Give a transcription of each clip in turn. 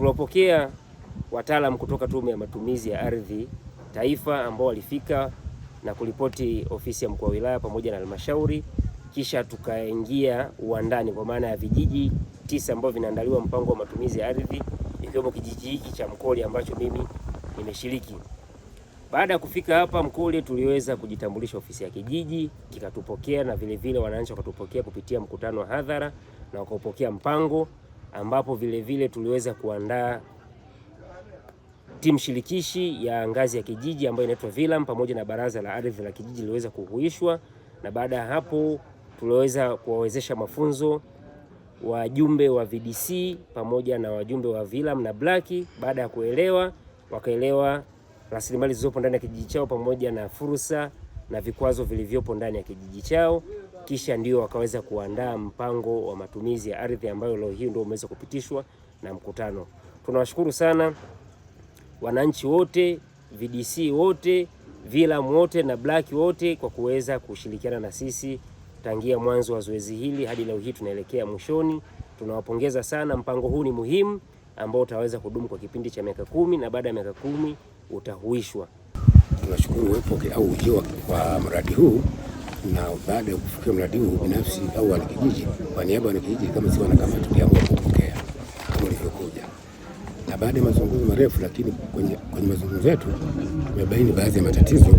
Tuliwapokea wataalamu kutoka Tume ya Matumizi ya Ardhi Taifa ambao walifika na kuripoti ofisi ya mkuu wa wilaya pamoja na halmashauri, kisha tukaingia uwandani kwa maana ya vijiji tisa ambavyo vinaandaliwa mpango wa matumizi ya ardhi, ikiwemo kijiji hiki cha Mkoli ambacho mimi nimeshiriki. Baada ya kufika hapa Mkoli, tuliweza kujitambulisha ofisi ya kijiji kikatupokea, na vilevile wananchi wakatupokea kupitia mkutano wa hadhara na wakaupokea mpango ambapo vilevile vile tuliweza kuandaa timu shirikishi ya ngazi ya kijiji ambayo inaitwa VILAM pamoja na baraza la ardhi la kijiji liliweza kuhuishwa, na baada ya hapo tuliweza kuwawezesha mafunzo wajumbe wa VDC pamoja na wajumbe wa VILAM na blaki. Baada ya kuelewa, wakaelewa rasilimali zilizopo ndani ya kijiji chao pamoja na fursa na vikwazo vilivyopo ndani ya kijiji chao, kisha ndio wakaweza kuandaa mpango wa matumizi ya ardhi ambayo leo hii ndio umeweza kupitishwa na mkutano. Tunawashukuru sana wananchi wote, VDC wote, Vilam wote na Black wote kwa kuweza kushirikiana na sisi tangia mwanzo wa zoezi hili hadi leo hii tunaelekea mwishoni. Tunawapongeza sana. Mpango huu ni muhimu ambao utaweza kudumu kwa kipindi cha miaka kumi na baada ya miaka kumi utahuishwa tunashukuru uwepo au ujio wa mradi huu na baada ya kufikia mradi huu binafsi au wanakijiji kwa niaba ya wanakijiji kama si wanakamati tuliamua kupokea kama ulivyokuja, na baada ya mazungumzo marefu, lakini kwenye, kwenye mazungumzo yetu tumebaini baadhi ya matatizo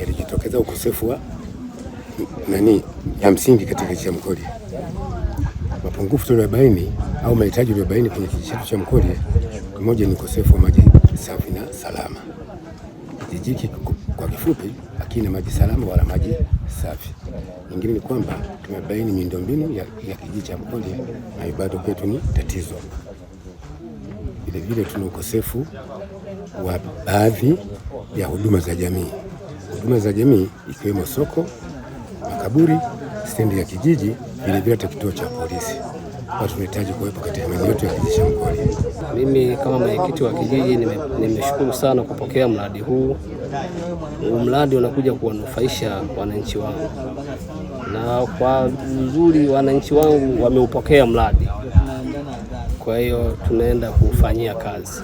yalijitokeza, ukosefu wa nani ya msingi katika kijiji cha Mkorye, mapungufu tuliyobaini au mahitaji tuliyobaini kwenye kijiji chetu cha Mkorye, moja ni ukosefu wa maji safi na salama jijiki kwa kifupi na maji salama wala maji safi. Nyingine ni kwamba tumebaini miundombinu ya, ya kijiji cha Mkonde na bado kwetu ni tatizo. Vilevile tuna ukosefu wa baadhi ya huduma za jamii, huduma za jamii ikiwemo soko, makaburi, stendi ya kijiji, vilevile hata kituo cha polisi kwa tunahitaji kuwepo katika maeneo yetu ya kijiji cha Mimi kama mwenyekiti wa kijiji nimeshukuru nime sana kupokea mradi huu. Huu mradi unakuja kuwanufaisha wananchi wangu, na kwa uzuri wananchi wangu wameupokea mradi, kwa hiyo tunaenda kuufanyia kazi.